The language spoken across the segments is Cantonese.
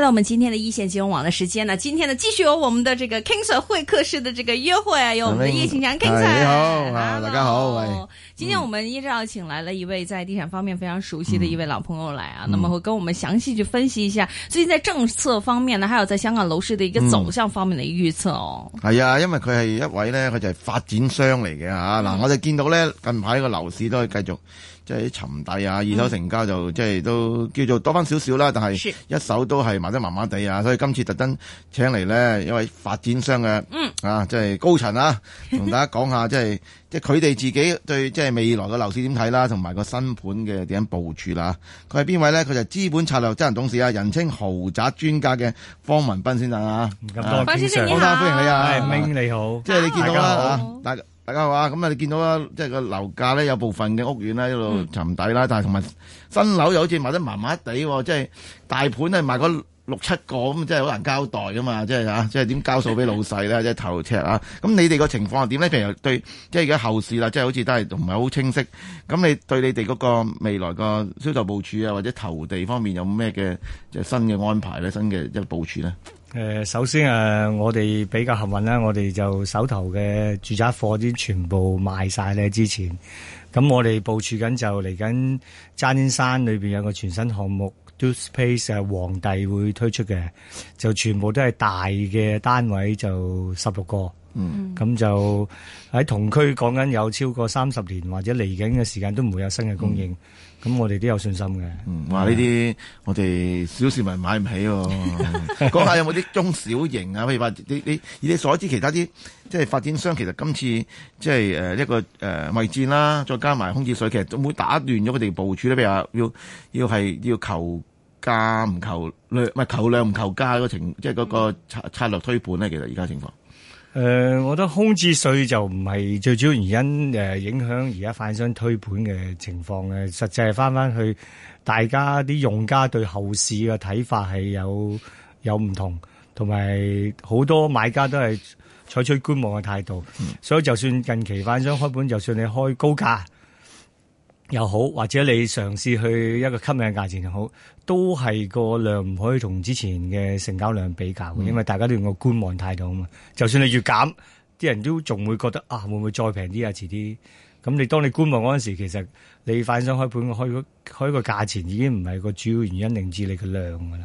那我們今天的一線金融網的時間呢？今天呢，繼續有我們的這個 KingSir 會客室的這個約會，有我們的葉慶強 KingSir。你好，大家好，歡迎。今天我們葉 Sir 要請來了一位在地產方面非常熟悉的一位老朋友來啊、嗯，那麼會跟我們詳細去分析一下最近在政策方面呢，還有在香港樓市的一個走向方面的預測哦。係、嗯、啊，因為佢係一位呢，佢就係發展商嚟嘅啊。嗱，我就見到呢近排個樓市都可以繼續。即係沉底啊，二手成交就、嗯、即係都叫做多翻少少啦，但係一手都係賣得麻麻地啊，所以今次特登請嚟咧，一位發展商嘅、嗯、啊，即係高層啊，同大家講下 即係即係佢哋自己對即係未來嘅樓市點睇啦，同埋個新盤嘅點樣部署啦、啊。佢係邊位咧？佢就資本策略執行董事啊，人稱豪宅專家嘅方文彬先生啊。咁多謝，好、啊、啦、啊啊啊啊啊，歡迎你啊，明、啊啊、你好，即、啊、係、啊、你見到啦大大啊嘛，咁啊你見到啦，即係個樓價咧有部分嘅屋苑一路沉底啦、嗯，但係同埋新樓又好似賣得麻麻地喎，即係大盤係賣嗰六七個，咁即係好難交代㗎嘛，即係啊，即係點交數俾老細咧、嗯，即係頭赤啊，咁你哋個情況係點咧？譬如對即係而家後市啦，即係好似都係唔係好清晰，咁你對你哋嗰個未來個銷售部署啊，或者投地方面有咩嘅、即係、新嘅安排咧，新嘅一、即係、部署咧？.誒、呃，首先誒、啊，我哋比較幸運啦，我哋就手頭嘅住宅貨啲全部賣晒咧，之前。咁我哋部署緊就嚟緊渣甸山裏邊有個全新項目 Dukes Place，係皇帝會推出嘅，就全部都係大嘅單位，就十六個。嗯。咁就喺同區講緊有超過三十年或者嚟緊嘅時間都唔會有新嘅供應。嗯咁我哋都有信心嘅，話呢啲我哋小市民買唔起喎、啊。講 下有冇啲中小型啊？譬如話你你以你所知，其他啲即係發展商，其實今次即係誒一個誒圍、呃、戰啦，再加埋空置稅，其實會唔會打亂咗佢哋部署咧？譬如話要要係要求價唔求，求量，唔係求量唔求價嗰情，即係嗰個策策略推盤咧，其實而家情況。誒、呃，我覺得空置稅就唔係最主要原因誒、呃，影響而家反商推盤嘅情況嘅，實際係翻翻去大家啲用家對後市嘅睇法係有有唔同，同埋好多買家都係採取觀望嘅態度、嗯，所以就算近期反商開盤，就算你開高價。又好，或者你嘗試去一個吸引嘅價錢又好，都係個量唔可以同之前嘅成交量比較嘅、嗯，因為大家都用個觀望態度啊嘛。就算你越減，啲人都仲會覺得啊，會唔會再平啲啊？遲啲咁，你當你觀望嗰陣時，其實你發行商開盤開個開一個價錢已經唔係個主要原因，令至你個量㗎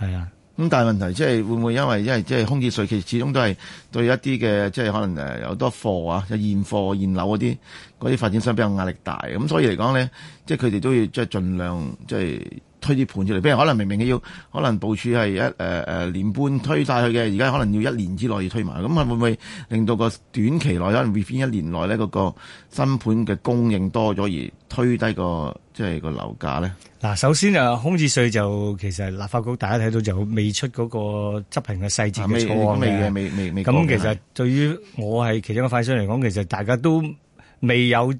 喇，係啊。咁但係問題即係會唔會因為因為即係空置稅，其實始終都係對一啲嘅即係可能誒有多貨啊，有現貨現樓嗰啲嗰啲發展商比較壓力大，咁所以嚟講咧，即係佢哋都要即係盡量即係。推啲盤出嚟，可能明明要可能部署係一、呃呃、年半推晒佢嘅，而家可能要一年之內要推埋，咁會唔會令到個短期內，可能 even 一年內咧嗰個新盤嘅供應多咗而推低個即係個樓價咧？嗱，首先啊，空置稅就其實立法局大家睇到就未出嗰個執行嘅細節嘅草案未未未。咁其實對於我係其中一塊商嚟講，其實大家都未有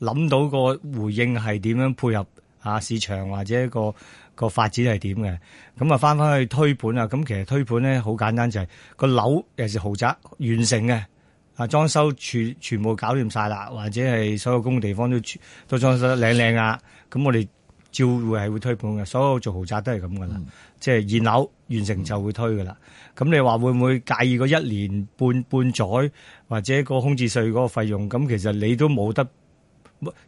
諗到個回應係點樣配合。啊！市場或者個個發展係點嘅？咁啊，翻返去推盤啊！咁其實推盤咧好簡單，就係個樓尤其是豪宅完成嘅啊，裝修全全部搞掂晒啦，或者係所有工地方都都裝修得靚靚啊！咁我哋照會係會推盤嘅。所有做豪宅都係咁噶啦，即係現樓完成就會推噶啦。咁、嗯、你話會唔會介意個一年半半載，或者個空置稅嗰個費用？咁其實你都冇得。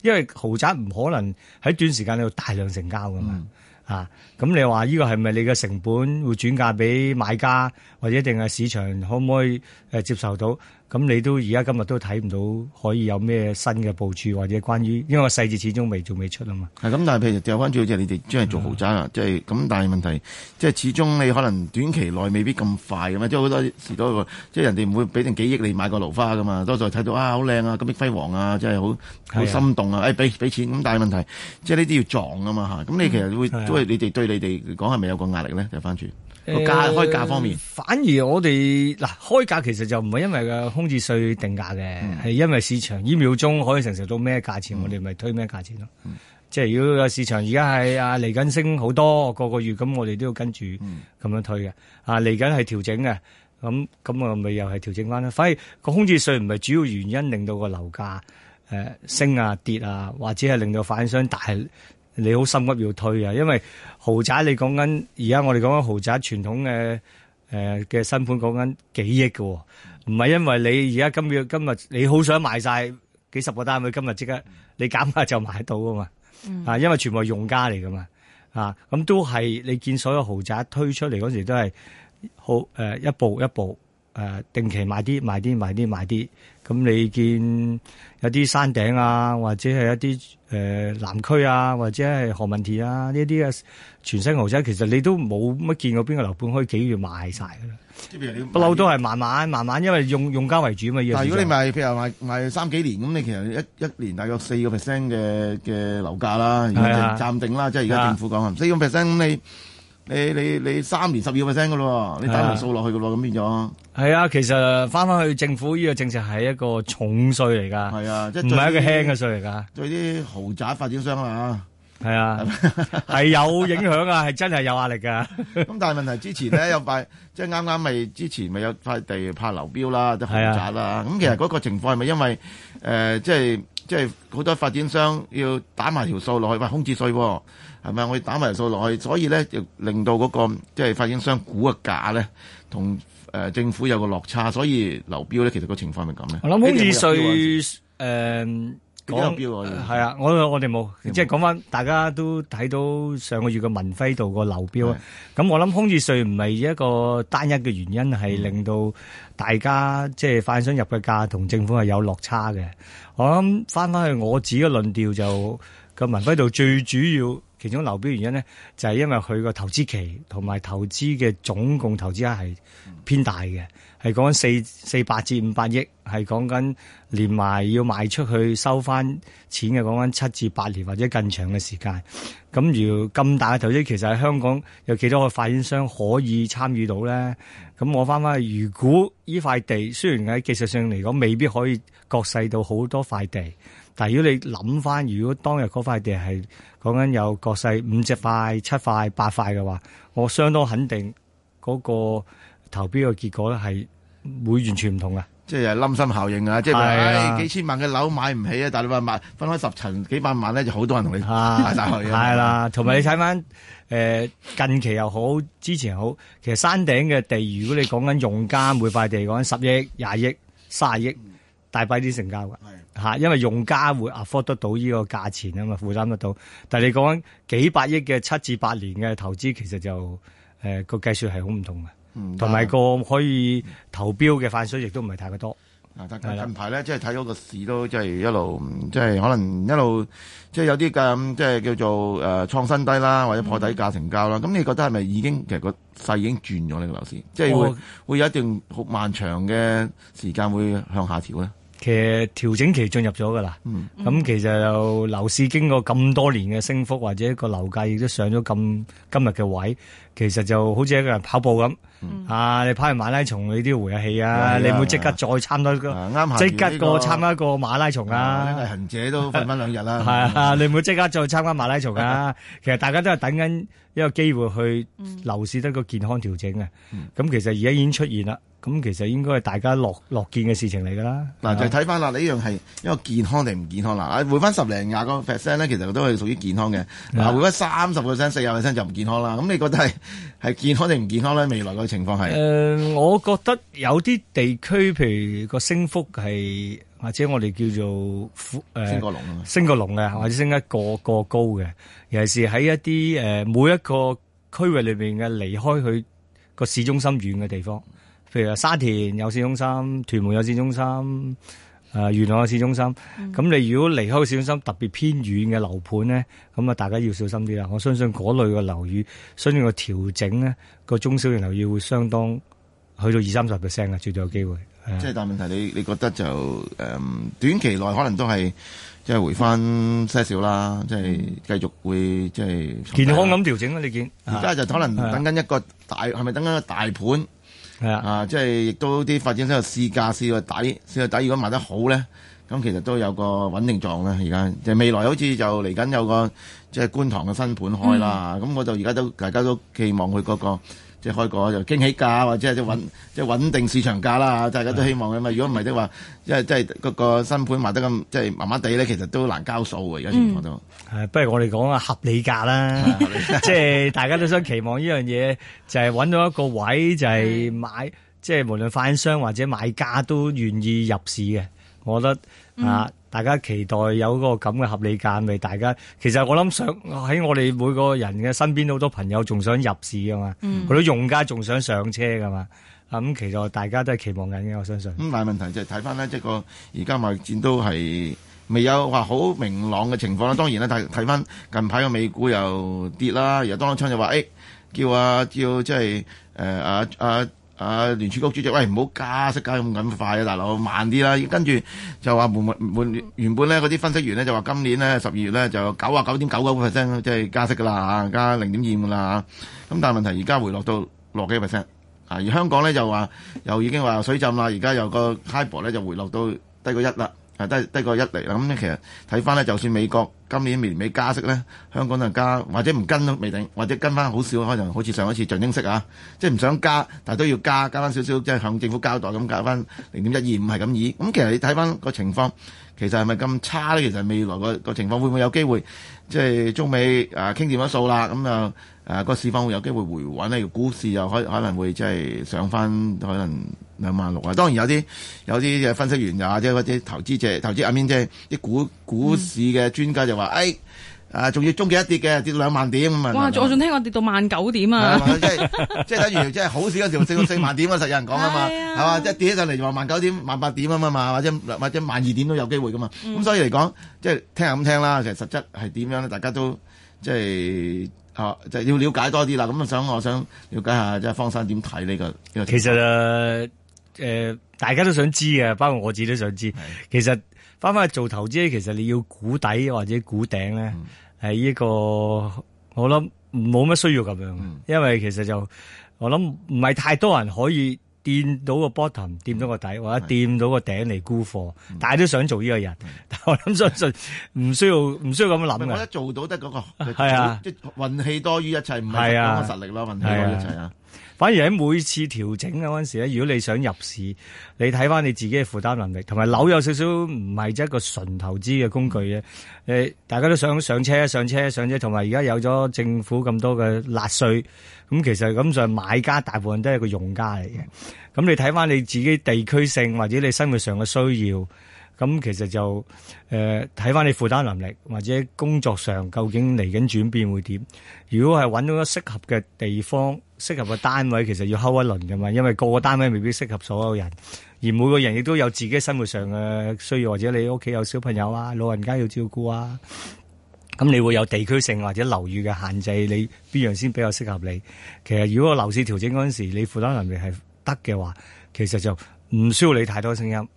因為豪宅唔可能喺短時間你度大量成交噶嘛，嗯、啊，咁你話呢個係咪你嘅成本會轉嫁俾買家，或者一定係市場可唔可以誒、呃、接受到？咁你都而家今日都睇唔到可以有咩新嘅部署，或者關於因為個細節始終未仲未出啊嘛。咁，但係譬如掉翻轉即係你哋專係做豪宅啊，即係咁。但係問題即係始終你可能短期內未必咁快咁嘛，即係好多時多即係人哋唔會俾定幾億你買個樓花噶嘛。多數睇到啊好靚啊，金碧輝煌啊，即係好好心動啊，誒俾俾錢咁。但係問題即係呢啲要撞啊嘛嚇。咁你其實會都係你哋對你哋講係咪有個壓力咧？掉翻轉。個、呃、價開價方面，反而我哋嗱、啊、開價其實就唔係因為個空置稅定價嘅，係、嗯、因為市場一秒鐘可以承受到咩價錢，嗯、我哋咪推咩價錢咯、嗯。即係如果個市場而家係啊嚟緊升好多個個月，咁我哋都要跟住咁樣推嘅、嗯。啊嚟緊係調整嘅，咁咁啊咪又係調整翻咯。反而個空置稅唔係主要原因令到個樓價誒升啊跌啊，或者係令到反商大。你好心急要推啊，因為豪宅你講緊而家我哋講緊豪宅傳統嘅誒嘅新盤，講緊幾億嘅，唔係因為你而家今日今日你好想賣晒幾十個單位，今日即刻你減價就賣到啊嘛，啊因為全部係用家嚟噶嘛，啊咁都係你見所有豪宅推出嚟嗰時都係好誒一步一步。誒、呃，定期買啲買啲買啲買啲，咁你見有啲山頂啊，或者係一啲誒、呃、南區啊，或者係何文田啊呢啲嘅全新豪宅，啊、其實你都冇乜見過邊個樓盤可以幾月賣晒噶啦？不嬲都係慢慢慢慢，因為用用家為主嘛。如果你賣譬如話賣，賣，賣三幾年，咁你其實一一年大約四個 percent 嘅嘅樓價啦，係暫定啦，即係而家政府講啊，四個 percent 咁你。你你你三年十二 percent 噶咯，你打條數落去噶咯，咁、啊、變咗。係啊，其實翻翻去政府呢、這個政策係一個重稅嚟噶。係啊，即係唔係一個輕嘅稅嚟噶。對啲豪宅發展商啊，係啊，係有影響啊，係 真係有壓力噶。咁 但係問題之前咧有塊， 即係啱啱咪之前咪有塊地拍樓標啦，啲、就、豪、是、宅啦，咁、啊、其實嗰個情況係咪因為誒、呃，即係即係好多發展商要打埋條數落去，喂，空置稅、啊。係咪我打埋數落去？所以咧就令到嗰、那個即係發展商估嘅價咧，同誒、呃、政府有個落差。所以流標咧，其實個情況係咁咧。我諗空置稅誒講係啊，我我哋冇，即係講翻大家都睇到上個月嘅文輝道個流標啊。咁我諗空置稅唔係一個單一嘅原因，係令到大家、嗯、即係發展商入嘅價同政府係有落差嘅。我諗翻翻去我自己嘅論調就。 文輝道最主要其中流標原因咧，就係、是、因為佢個投資期同埋投資嘅總共投資額係偏大嘅，係講緊四四百至五百億，係講緊連埋要賣出去收翻錢嘅，講緊七至八年或者更長嘅時間。咁如咁大嘅投資，其實喺香港有幾多個發展商可以參與到咧？咁我翻翻去，如果依塊地雖然喺技術上嚟講未必可以割細到好多塊地。但如果你諗翻，如果當日嗰塊地係講緊有國勢五隻塊、七塊、八塊嘅話，我相當肯定嗰個投標嘅結果咧係會完全唔同㗎。即係冧心效應啊！即係幾千萬嘅樓買唔起啊，但你話買分開十層幾百萬咧，就好多人同你嚇，係 啦、嗯，同埋你睇翻誒近期又好，之前好，其實山頂嘅地，如果你講緊用家每塊地講緊十億、廿億、卅億。大把啲成交㗎，因為用家會 afford 得到呢個價錢啊嘛，負擔得到。但係你講幾百億嘅七至八年嘅投資，其實就誒個、呃、計算係好唔同嘅，同埋個可以投標嘅範疇亦都唔係太過多。嗯、近近排咧，即係睇到個市都即係一路，即、就、係、是、可能一路，就是、即係有啲咁即係叫做誒創新低啦，或者破底價成交啦。咁、嗯、你覺得係咪已經其實個勢已經轉咗呢個樓市？即係會會有一段好漫長嘅時間會向下調咧？其實調整期進入咗噶啦，咁其實又樓市經過咁多年嘅升幅，或者個樓價亦都上咗咁今日嘅位，其實就好似一個人跑步咁，啊，你跑完馬拉松你都要回下氣啊，你唔好即刻再參加個，即刻個參加個馬拉松啊。因為行者都瞓翻兩日啦，係啊，你唔好即刻再參加馬拉松啊。其實大家都係等緊一個機會去樓市得個健康調整嘅，咁其實而家已經出現啦。咁其實應該係大家樂樂見嘅事情嚟㗎啦。嗱，就睇翻啦。呢樣係一個健康定唔健康啦。啊，回翻十零廿個 percent 咧，其實都係屬於健康嘅。嗱，回翻三十個 percent、四廿 percent 就唔健康啦。咁你覺得係係健康定唔健康咧？未來個情況係誒、呃，我覺得有啲地區，譬如個升幅係或者我哋叫做誒升過龍啊嘛，升過龍嘅，或者升得過過高嘅，尤其是喺一啲誒、呃、每一個區域裏邊嘅離開佢個市中心遠嘅地方。譬如沙田有市中心、屯門有市中心、誒元朗有市中心，咁、嗯、你如果離開個市中心特別偏遠嘅樓盤咧，咁啊大家要小心啲啦。我相信嗰類嘅樓宇，相信個調整咧，個中小型樓宇會相當去到二三十 percent 絕對有機會。即係但係問題你，你你覺得就誒、呃、短期內可能都係即係回翻些少啦，嗯、即係繼續會即係健康咁調整啦。你見而家就可能等緊一個大係咪、啊啊啊啊、等緊一個大盤？係。 啊，啊即係亦都啲發展商試價，試個底，試個底。如果賣得好咧，咁其實都有個穩定狀啦。而家、就係、未來好似就嚟緊有個即係、即係、觀塘嘅新盤開啦，咁、嗯、我就而家都大家都寄望佢嗰、嗰個。即係開個就驚喜價，或者即係穩即係穩定市場價啦。大家都希望嘅嘛。如果唔係即係話，即係即係嗰個新盤賣得咁即係麻麻地咧，其實都難交數嘅。而家情況都係、啊、不如我哋講下合理價啦。即、啊、係 大家都想期望呢樣嘢，就係、是、揾到一個位就，就係買，即係無論發展商或者買家都願意入市嘅。我覺得啊。嗯大家期待有個咁嘅合理價，咪大家其實我諗想喺我哋每個人嘅身邊都好多朋友仲想入市㗎嘛，佢、嗯、都用家仲想上車㗎嘛，咁、嗯、其實大家都係期望緊嘅，我相信。咁、嗯、大問題就睇翻咧，即個個而家貿易戰都係未有話好明朗嘅情況啦。當然呢，睇睇翻近排嘅美股又跌啦，又當當當就話誒、欸、叫啊叫即係誒啊啊！啊啊，聯儲局主席，喂，唔好加息加咁緊快啊，大佬慢啲啦。跟住就話原本呢嗰啲分析員呢，就話今年呢，十二月呢，就九啊九點九九 percent，即係加息噶啦，加零點二噶啦。咁、啊、但係問題而家回落到落幾個 percent 啊？而香港呢，就話又已經話水浸啦，而家又個 HIBOR 咧就回落到低過一啦。誒都低過一厘啦，咁其實睇翻呢就算美國今年年尾加息呢香港就加或者唔跟都未定，或者跟翻好少可能好似上一次象徵式啊，即係唔想加但都要加，加翻少少即係向政府交代咁加翻零點一二五係咁而已咁其實你睇翻個情況，其實係咪咁差呢？其實未來個個情況會唔會有機會即係中美誒傾掂咗數啦？咁啊～誒、啊，那個市況會有機會回穩？呢股市又可可能會即係上翻，可能兩萬六啊。當然有啲有啲嘅分析員又或者投資者、投資阿面即係啲股股市嘅專家就話：，誒、哎，啊，仲要中企一跌嘅，跌到兩萬點咁啊！哇！我仲聽我跌到萬九點啊！即係即係等於即係好市嗰時四四,四萬點啊！實有人講啊嘛，係 嘛？即、就、係、是、跌起上嚟話萬九點、萬八點咁啊嘛，或者或者萬二點都有機會㗎嘛。咁、嗯、所以嚟講，即、就、係、是、聽下咁聽啦。其實實質係點樣咧？大家都即係。就是啊，就要了解多啲啦，咁啊想我想了解下，即係方生點睇呢個，其實誒誒、呃，大家都想知啊，包括我自己都想知。其實翻翻去做投資，其實你要估底或者估頂咧，係、嗯、呢個我諗冇乜需要咁樣，嗯、因為其實就我諗唔係太多人可以。掂到個 bottom，掂到個底，或者掂到個頂嚟沽貨，但係都想做呢個人。但係我諗相信唔需要，唔需要咁諗啊。是是我覺得做到得嗰、那個係啊，即係運氣多於一切，唔係講個實力咯，運氣多於一切啊。反而喺每次調整嗰陣時咧，如果你想入市，你睇翻你自己嘅負擔能力，同埋樓有少少唔係一個純投資嘅工具嘅。誒，大家都想上車、上車、上車，同埋而家有咗政府咁多嘅辣稅，咁其實咁上買家大部分都係一個用家嚟嘅。咁你睇翻你自己地區性或者你生活上嘅需要，咁其實就誒睇翻你負擔能力，或者工作上究竟嚟緊轉變會點。如果係揾到一個適合嘅地方。適合嘅單位其實要睺一輪㗎嘛，因為個個單位未必適合所有人，而每個人亦都有自己生活上嘅需要，或者你屋企有小朋友啊，老人家要照顧啊，咁你會有地區性或者樓宇嘅限制，你邊樣先比較適合你？其實如果樓市調整嗰陣時，你負擔能力係得嘅話，其實就唔需要你太多聲音，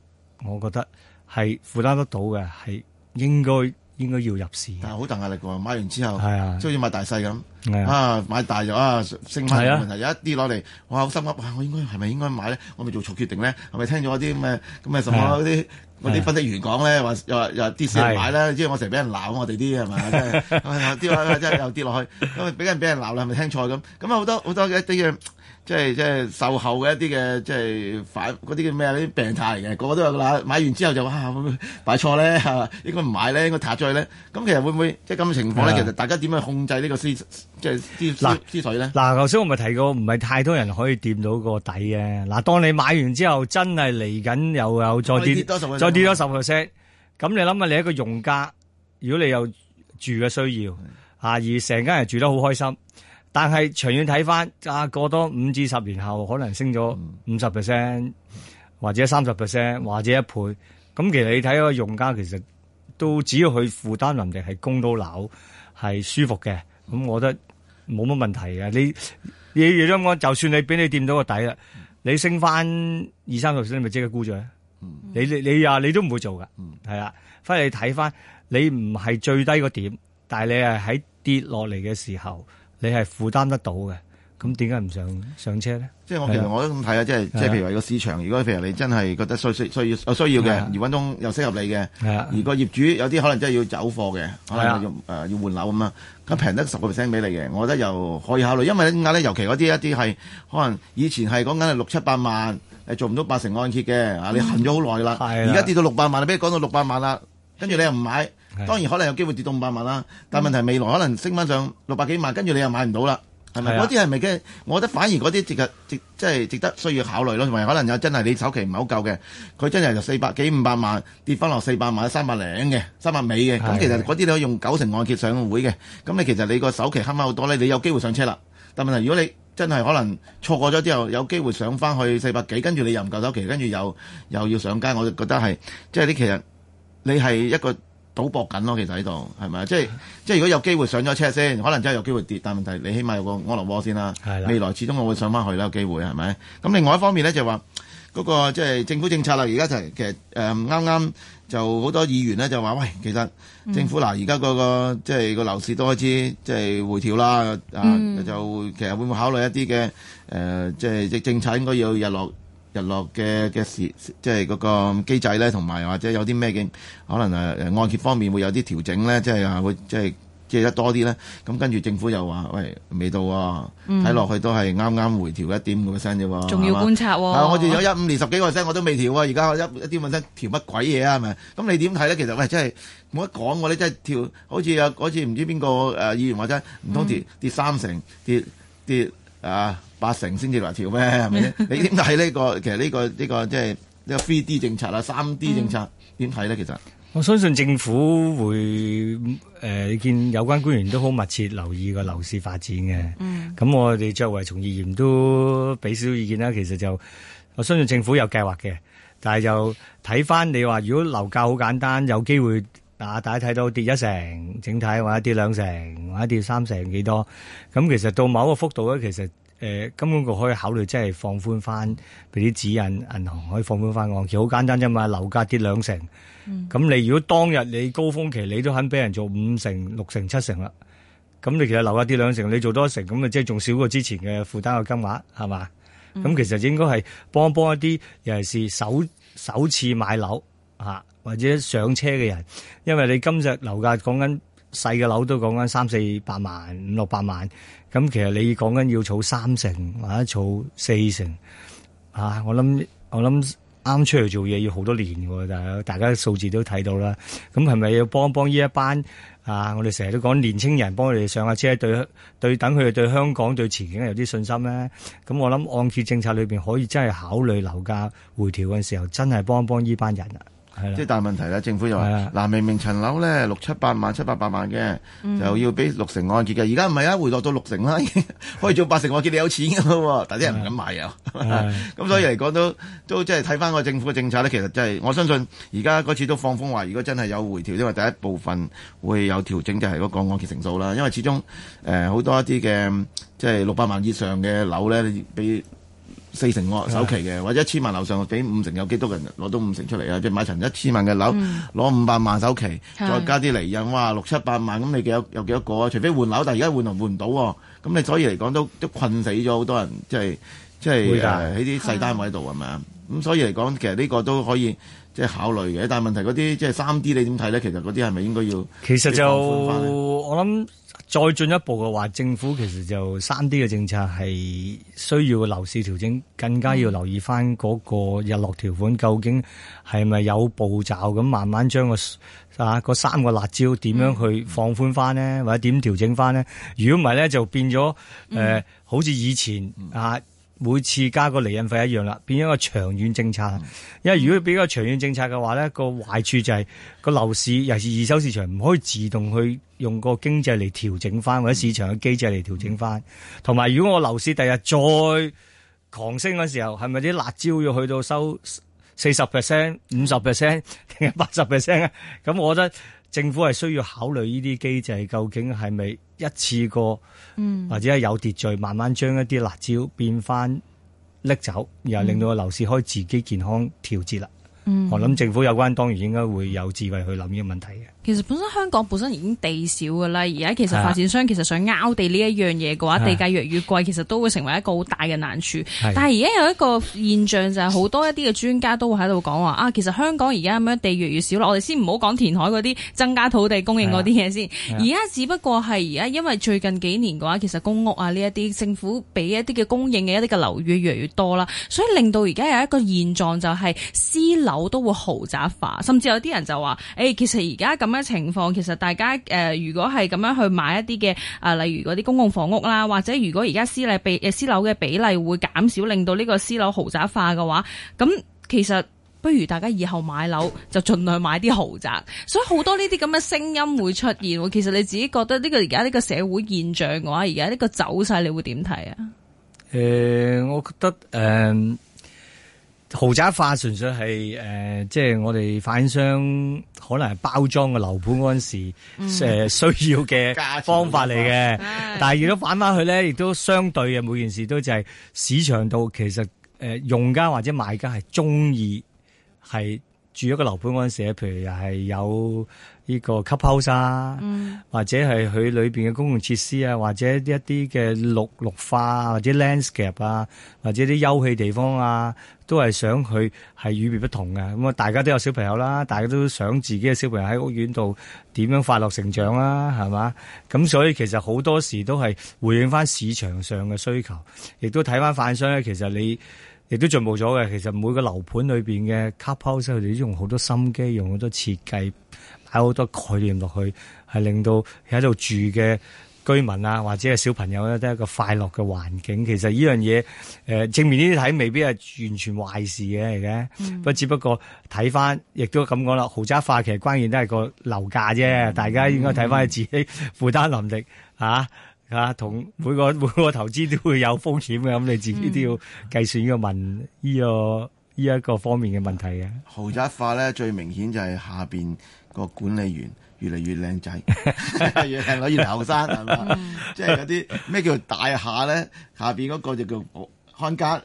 我覺得係負擔得到嘅，係應該。應該要入市，但係好大壓力嘅、哦、喎。買完之後，係啊，即好似買大細咁、啊。啊，買大咗啊升翻問題。有一啲落嚟，我好心噏我應該係咪應該買咧？我咪做錯決定咧？係咪聽咗啲咩？咁嘅、啊、什麼嗰啲嗰啲分析員講咧？話又又話跌市買呢？即係我成日俾人鬧我哋啲係咪真係啲話即係又跌落去，咁咪俾人俾人鬧啦，係咪聽錯咁？咁啊好多好多一啲嘅。即係即係售後嘅一啲嘅即係反嗰啲叫咩啲病態嚟嘅，個個都有。啦，買完之後就哇、啊，買錯咧嚇，應該唔買咧，應該撻咗去咧。咁其實會唔會即係咁嘅情況咧？其實大家點樣控制呢個思即係、啊就是、思思緒咧？嗱，頭、啊、先我咪提過，唔係太多人可以掂到個底嘅。嗱、啊，當你買完之後，真係嚟緊又有再跌，啊、再跌多十 percent、啊。咁你諗下，你一個用家，如果你有住嘅需要、啊、而成家人住得好開心。但係長遠睇翻，啊，過多五至十年後，可能升咗五十 percent 或者三十 percent 或者一倍咁。其實你睇個用家，其實都只要佢負擔能力係供到樓係舒服嘅，咁我覺得冇乜問題嘅。你你你咁講，就算你俾你掂到個底啦，嗯，你升翻二三十 percent，咪即刻沽咗，嗯，你你你你都唔會做噶係、嗯、啊？返嚟你睇翻你唔係最低個點，但係你係喺跌落嚟嘅時候。你係負擔得到嘅，咁點解唔上上車咧？即係我其實我都咁睇啊，即係即係譬如話個市場，如果譬如你真係覺得需需需要啊需要嘅，二分鐘又適合你嘅，而個業主有啲可能真係要走貨嘅，可能要誒、呃、要換樓咁啦，咁平得十個 percent 俾你嘅，我覺得又可以考慮。因為點解咧？尤其嗰啲一啲係可能以前係講緊係六七百萬誒做唔到八成按揭嘅啊，你行咗好耐啦，而家跌到六百萬，俾你講到六百萬啦，跟住你又唔買。當然可能有機會跌到五百萬啦，但問題未來可能升翻上六百幾萬，跟住你又買唔到啦，係咪嗰啲係咪嘅？啊、我覺得反而嗰啲值實值，即係值得需要考慮咯。同埋可能有真係你首期唔係好夠嘅，佢真係就四百幾五百萬跌翻落四百萬、三百零嘅、三百尾嘅，咁其實嗰啲你可以用九成按揭上會嘅。咁你其實你個首期慳翻好多咧，你有機會上車啦。但問題如果你真係可能錯過咗之後，有機會上翻去四百幾，跟住你又唔夠首期，跟住又又要上街，我就覺得係即係你其實你係一個。賭博緊咯，其實喺度係咪？即係即係，如果有機會上咗車先，可能真係有機會跌，但問題你起碼有個安樂窩先啦。係啦，未來始終我會上返去啦，有機會係咪？咁另外一方面咧，就話、是、嗰、嗰個即係、就是、政府政策啦，而家就其實誒啱啱就好多議員咧就話喂，其實政府嗱，而家嗰個即係、就是、個樓市都開始即係回調啦，啊就其實會唔會考慮一啲嘅誒即係即政策應該要日落？日落嘅嘅時，即係嗰個機制咧，同埋或者有啲咩嘅可能啊，按揭方面會有啲調整咧，即係會即係即係借得多啲咧。咁跟住政府又話：喂，未到喎，睇、嗯、落去都係啱啱回調一點五個 percent 啫，仲要觀察喎、哦。我哋有一五年十幾個 percent 我都未調，都未調，調啊，而家一一點五 percent 調調乜鬼嘢啊？係咪？咁你點睇咧？其實喂，真係冇得講我你真係調，好似啊，嗰次唔知邊個誒、呃、議員話齋唔通跌跌三成，跌跌。啊，八成先至來調咩？係咪 你點睇呢個？其實呢、呢個呢、呢個即係、就、呢、是、個3 D 政策啊，三 D 政策點睇咧？其實我相信政府會誒，你、呃、見有關官員都好密切留意個樓市發展嘅。咁、嗯、我哋作為從業員都俾少少意見啦。其實就我相信政府有計劃嘅，但係就睇翻你話，如果樓價好簡單，有機會。嗱，大家睇到跌一成，整體或者跌兩成，或者跌三成幾多？咁其實到某個幅度咧，其實誒、呃、金管局可以考慮即係放寬翻，俾啲指引，銀行可以放寬翻按揭。好簡單啫嘛，樓價跌兩成，咁、嗯、你如果當日你高峰期，你都肯俾人做五成、六成、七成啦。咁你其實樓價跌兩成，你做多一成，咁啊即係仲少過之前嘅負擔嘅金額，係嘛？咁、嗯、其實應該係幫一幫一啲，尤其是首首次買樓。吓、啊，或者上車嘅人，因為你今日樓價講緊細嘅樓都講緊三四百萬、五六百萬，咁其實你講緊要儲三成或者儲四成，啊、我諗我諗啱出嚟做嘢要好多年嘅，大家數字都睇到啦。咁係咪要幫幫呢一班啊？我哋成日都講年青人幫佢哋上下車，對對等佢哋對香港對前景有啲信心咧。咁我諗按揭政策裏邊可以真係考慮樓價回調嘅時候，真係幫幫呢班人啊！是即係大問題啦！政府又話，嗱明明層樓咧六七百萬、七八百萬嘅、嗯，就要俾六成按揭嘅，而家唔係啊，回落到六成啦，可以做八成按揭，你有錢㗎咯喎，但啲人唔敢買啊！咁、 嗯、所以嚟講都都即係睇翻個政府嘅政策咧，其實真、就、係、是、我相信而家嗰次都放風話，如果真係有回調，因為第一部分會有調整，就係嗰個按揭成數啦。因為始終誒好、呃、多一啲嘅即係六百萬以上嘅樓咧，俾。四成我首期嘅，或者一千萬樓上俾五成，有幾多人攞到五成出嚟啊？即係買層一千萬嘅樓，攞、嗯、五百萬首期，再加啲釐印哇六七百萬咁，你幾多有幾多個啊？除非換樓，但而家換同換唔到喎、啊。咁你所以嚟講都都困死咗好多人，即係即係喺啲細單位度係咪啊？咁所以嚟講，其實呢個都可以即係、就是、考慮嘅。但係問題嗰啲即係三 D，你點睇咧？其實嗰啲係咪應該要？其實就我諗。再進一步嘅話，政府其實就三 D 嘅政策係需要樓市調整，更加要留意翻嗰個日落條款究竟係咪有步驟咁慢慢將個啊三個辣椒點樣去放寬翻呢，或者點調整翻呢？如果唔係咧，就變咗誒、呃，好似以前啊。每次加個離任費一樣啦，變咗個長遠政策。因為如果變個長遠政策嘅話咧，個壞處就係個樓市尤其是二手市場唔可以自動去用個經濟嚟調整翻，或者市場嘅機制嚟調整翻。同埋，如果我樓市第日再狂升嘅時候，係咪啲辣椒要去到收四十 percent、五十 percent 定係八十 percent 咧？咁我覺得政府係需要考慮呢啲機制究竟係咪？一次過，嗯，或者有秩序，慢慢將一啲辣椒變翻拎走，然後令到個樓市可以自己健康調節啦。我諗政府有關當然應該會有智慧去諗呢個問題嘅。其實本身香港本身已經地少㗎喇，而家其實發展商、啊、其實想拗地呢一樣嘢嘅話、啊，地價越嚟越貴，其實都會成為一個好大嘅難處。是啊，但係而家有一個現象就係好多一啲嘅專家都會喺度講話啊，其實香港而家咁樣地越嚟越少咯。我哋先唔好講填海嗰啲增加土地供應嗰啲嘢先，而家、啊啊、只不過係而家因為最近幾年嘅話，其實公屋啊呢一啲政府畀一啲嘅供應嘅一啲嘅樓越嚟越多啦，所以令到而家有一個現狀就係、是、私樓都會豪宅化，甚至有啲人就話誒、欸，其實而家咁。情況，其實大家誒、呃，如果係咁樣去買一啲嘅啊，例如嗰啲公共房屋啦，或者如果而家私樓比誒私樓嘅比例會減少，令到呢個私樓豪宅化嘅話，咁其實不如大家以後買樓就盡量買啲豪宅。所以好多呢啲咁嘅聲音會出現，其實你自己覺得呢個而家呢個社會現象嘅話，而家呢個走勢你會點睇啊？誒、呃，我覺得誒。呃豪宅化純粹係誒，即、呃、係、就是、我哋反商可能係包裝嘅樓盤嗰時候、嗯呃、需要嘅方法嚟嘅。 的來的 但係如果反翻去咧，亦都相對嘅每件事都就係市場度其實誒、呃、用家或者買家係鍾意係。住一個樓盤嗰陣時，譬如又係有呢個 club house、嗯，或者係佢裏邊嘅公共設施啊，或者一啲嘅綠綠化，或者 landscape 啊，或者啲休憩地方啊，都係想佢係與別不同嘅。咁啊，大家都有小朋友啦，大家都想自己嘅小朋友喺屋苑度點樣快樂成長啦，係嘛？咁所以其實好多時都係回應翻市場上嘅需求，亦都睇翻泛商咧。其實你。亦都進步咗嘅，其實每個樓盤裏面嘅 clubhouse，佢哋都用好多心機，用好多設計，擺好多概念落去，係令到喺度住嘅居民啊，或者係小朋友咧，都係一個快樂嘅環境。其實呢樣嘢，誒正面呢啲睇，未必係完全壞事嘅嚟嘅。不過只不過睇翻，亦都咁講啦，豪宅化其實關鍵都係個樓價啫，嗯。大家應該睇翻自己負擔能力啊。啊、同每個每個投資都會有風險嘅，咁你自己都要計算依、呢個、嗯、問呢、呢個一、呢個方面嘅問題嘅、啊。豪宅化咧，最明顯就係下邊個管理員越嚟越靚仔， 越靚女越後生，係嘛 對吧？即 係有啲咩叫大廈咧？下邊嗰個就叫看家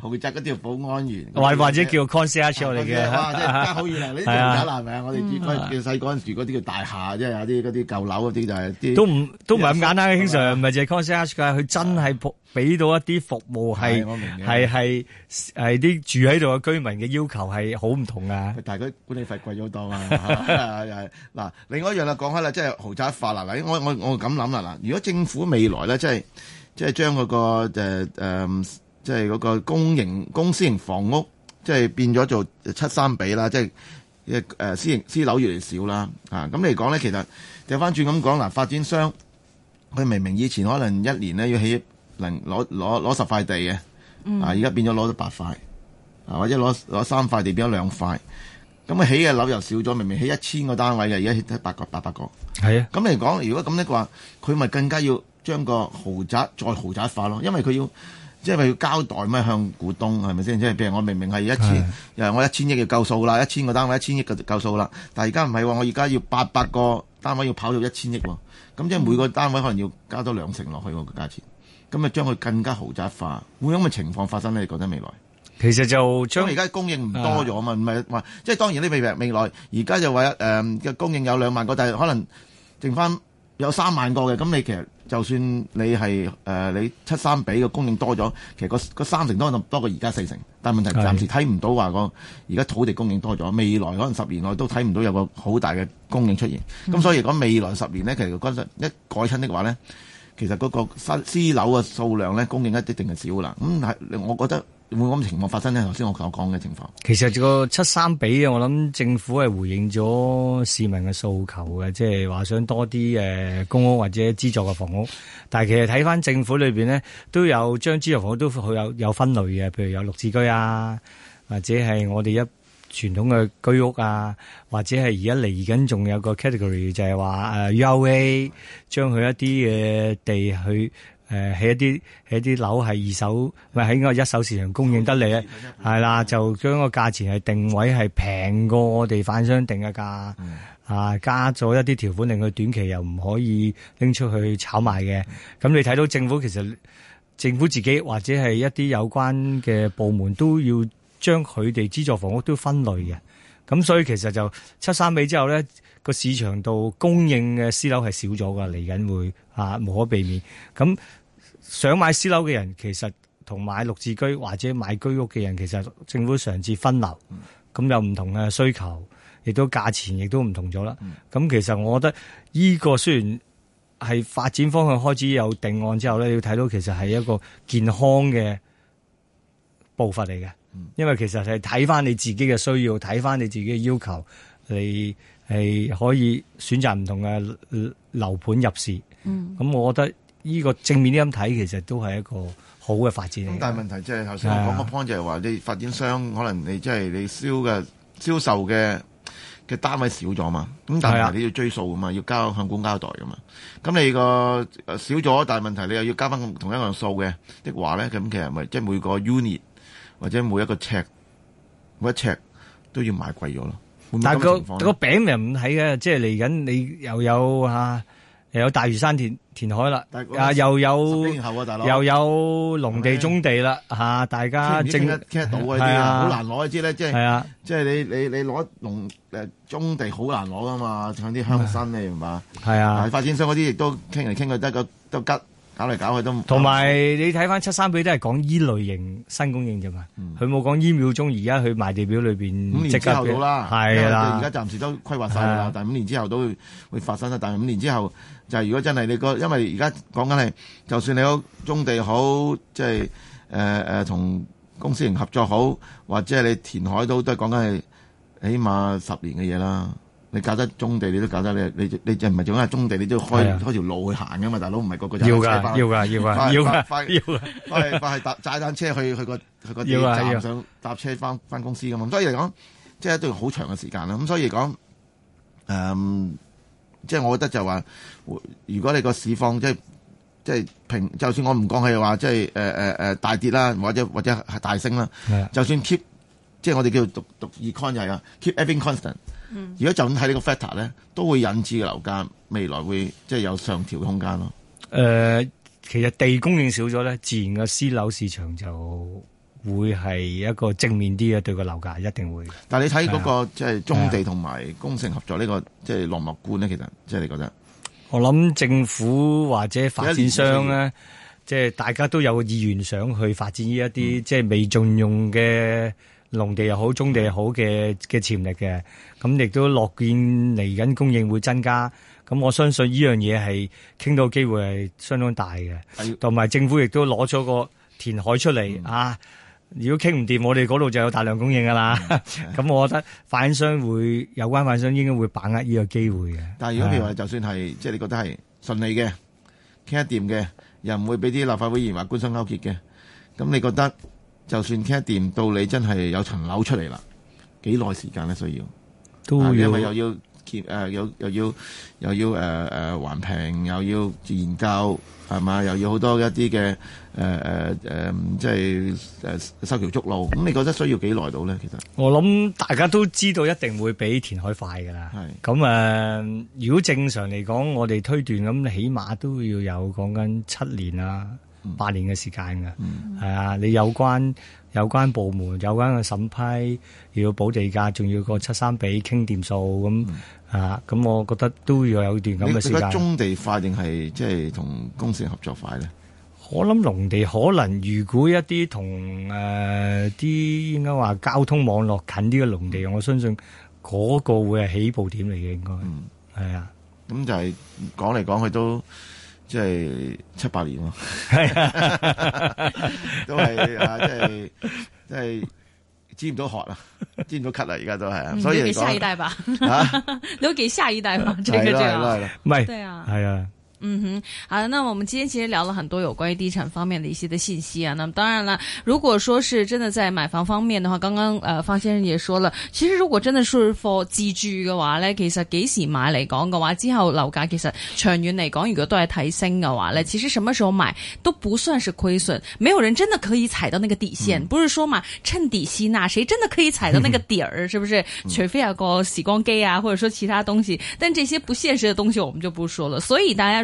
豪宅嗰啲保安員，或或者叫 concierge 嚟嘅，哇，真係好遠啊！呢啲豪宅係咪啊？我哋叫咩？叫細陣時嗰啲叫大廈，即係有啲嗰啲舊樓嗰啲就係。都唔都唔係咁簡單，經常唔係淨係 concierge 嘅，佢真係撲俾到一啲服務係係係係啲住喺度嘅居民嘅要求係好唔同啊！大家管理費貴咗多啊！嗱，另外一樣啦，講開啦，即係豪宅法啦，嗱，我我我咁諗啦，嗱，如果政府未來咧，即係。即係將嗰個誒、呃、即係個公營公私型房屋，即係變咗做七三比啦，即係一、呃、私營私樓越嚟越少啦。啊，咁嚟講咧，其實掉翻轉咁講嗱，發展商佢明明以前可能一年咧要起能攞攞攞十塊地嘅，啊，而家變咗攞咗八塊，啊，或者攞攞三塊地變咗兩塊，咁啊起嘅樓又少咗，明明起一千個單位嘅，而家起得八個八百個，係啊，咁嚟講，如果咁咧話，佢咪更加要？將個豪宅再豪宅化咯，因為佢要即係要交代咩向股東係咪先？即係譬如我明明係一千，誒我一千億嘅夠數啦，一千個單位一千億嘅夠數啦。但而家唔係喎，我而家要八百個單位要跑到一千億喎。咁即係每個單位可能要加多兩成落去個價錢。咁啊將佢更加豪宅化，會咁嘅情況發生呢？你覺得未來其實就將而家供應唔多咗啊嘛，唔係話即係當然呢？未未來而家就話誒嘅供應有兩萬個，但係可能剩翻有三萬個嘅。咁你其實～就算你係誒、呃、你七三比嘅供應多咗，其實個，個三成都可能多過而家四成，但係問題暫時睇唔到話個而家土地供應多咗，未來可能十年內都睇唔到有個好大嘅供應出現，咁、嗯、所以講未來十年呢，其實個一改親的話呢，其實嗰個新私樓嘅數量呢，供應一一定係少啦，咁係、嗯、我覺得。會咁情況發生咧？頭先我我講嘅情況，其實這個七三比啊，我諗政府係回應咗市民嘅訴求嘅，即係話想多啲誒公屋或者資助嘅房屋。但係其實睇翻政府裏邊咧，都有將資助房屋都好有有分類嘅，譬如有綠置居啊，或者係我哋一傳統嘅居屋啊，或者係而家嚟緊仲有個 category 就係話誒 URA，將佢一啲嘅地去。誒、呃、起一啲起一啲樓係二手，唔係喺嗰一手市場供應得嚟咧，係、嗯、啦，就將個價錢係定位係平過我哋反商定嘅價，嗯、啊加咗一啲條款令佢短期又唔可以拎出去炒賣嘅。咁你睇到政府其實政府自己或者係一啲有關嘅部門都要將佢哋資助房屋都分類嘅。咁所以其實就七三比之後咧，個市場度供應嘅私樓係少咗噶，嚟緊會啊無可避免。咁想買私樓嘅人，其實同買綠置居或者買居屋嘅人，其實政府嘗試分流，咁有唔同嘅需求，亦都價錢亦都唔同咗啦。咁其實我覺得依個雖然係發展方向開始有定案之後咧，要睇到其實係一個健康嘅步伐嚟嘅。因為其實係睇翻你自己嘅需要，睇翻你自己嘅要求，你係可以選擇唔同嘅樓盤入市。咁、嗯、我覺得呢個正面啲咁睇，其實都係一個好嘅發展。但係問題即係頭先我講個 point 就係、是、話你發展商可能你即、就、係、是、你銷嘅銷售嘅嘅單位少咗嘛，咁但係你要追數噶嘛，要交向公交代噶嘛。咁你個少咗，但係問題你又要加翻同一個數嘅的話咧，咁其實咪即係每個 unit 或者每一個尺，每一個尺都要買貴咗咯。但係、那個、那個餅又唔睇嘅，即係嚟緊你又有嚇、啊，又有大嶼山填填海啦、那個，啊又有，啊、大又有農地、中地啦，嚇、啊、大家正得 check 到嗰啲、即係即係、啊，好難攞嗰啲咧，即係即係你你你攞農誒中地好難攞噶嘛，搶啲鄉紳你係嘛？係啊，的的的的發展商嗰啲亦都傾嚟傾去得個都，都吉。搞嚟搞去都搞，同埋你睇翻七三比都係講依類型新供應啫嘛，佢、嗯、冇講一秒鐘而家去賣地表裏邊，五年之後到啦，係啦，而家暫時都規劃晒啦，但五年之後都會會發生啦。但五年之後就係、是、如果真係你個，因為而家講緊係，就算你好棕地好，即係誒誒同公私營合作好，或者你填海都都係講緊係起碼十年嘅嘢啦。你搞得中地，你都搞得你你你就唔係做緊中地，你都要開是、啊、開條路去行噶嘛？大佬唔係個個要噶要噶要噶要噶，要啊！快快係搭揸單車去去個去個啲站上搭車翻翻公司噶嘛？所以嚟講，即係都要好長嘅時間啦。咁所以嚟講，誒、嗯，即係我覺得就話、是，如果你個市況即係即係平，就算我唔講係話，即係誒誒誒大跌啦，或者或者係大升啦、啊，就算 keep，即係我哋叫做讀讀 econ 就係、是、啦，keep everything constant。嗯、如果就咁睇呢個 factor 咧，都會引致個樓價未來會即係有上調空間咯。誒、呃，其實地供應少咗咧，自然個私樓市場就會係一個正面啲嘅，對個樓價，一定會。但係你睇嗰，那個即係，就是，中地同埋公營合作，這個就是，呢個即係落寞觀咧，其實即係你覺得？我諗政府或者發展商咧，即係，就是，大家都有個意願想去發展呢一啲即係未盡用嘅。農地又好，棕地又好嘅嘅潛力嘅，咁亦都樂見嚟緊，供應會增加。咁我相信呢樣嘢係傾到機會係相當大嘅，同埋政府亦都攞咗個填海出嚟啊！如果傾唔掂，我哋嗰度就有大量供應噶啦。咁我覺得發展商會有關發展商應該會把握呢個機會嘅。但係如果譬如話，就算係即係你覺得係順利嘅傾得掂嘅，又唔會俾啲立法會議員話官商勾結嘅，咁你覺得？就算拆掂，到你真係有層樓出嚟啦，幾耐時間咧需要？都因為又要揭又、呃、又要又要誒誒、呃呃、環評，又要研究係嘛，又要好多一啲嘅誒誒即係誒修橋築路。咁、嗯、你覺得需要幾耐到咧？其實我諗大家都知道，一定會比填海快㗎啦。咁誒、呃，如果正常嚟講，我哋推斷咁，你起碼都要有講緊七年啦。嗯、八年嘅時間嘅，係、嗯、啊，你有關有關部門有關嘅審批，要補地價，仲要個七三比傾掂數咁啊，咁我覺得都要有一段咁嘅時間。你而家中地快定係即係同公私合作快咧、嗯嗯？我諗農地可能，如果一啲同誒啲應該話交通網絡近啲嘅農地、嗯，我相信嗰個會係起步點嚟嘅，應該係啊。咁就係講嚟講去都。即、就、係、是、七八年咯， 係都係啊！即係即係，接唔到學啦，接唔到咳啦，而家都係啊、嗯！所以都畀下一代吧，啊，留畀下一代吧，這 個這樣，唔係，係啊。嗯哼，好，那我們今天其實聊了很多有關於地產方面的一些的信息啊。那麼當然了，如果說是真的在買房方面的話，剛剛呃方先生也說了，其實如果真的是 for 自住嘅話咧，其實幾時買嚟講嘅話，之後樓價其實長遠嚟講，如果都係提升嘅話咧，其實什麼時候買都不算是虧損。沒有人真的可以踩到那個底線，嗯、不是說嘛，趁底吸納，誰真的可以踩到那個底兒、嗯？是不是？嗯、除非有個時光機啊，或者說其他東西，但這些不現實的東西我們就不說了。所以大家。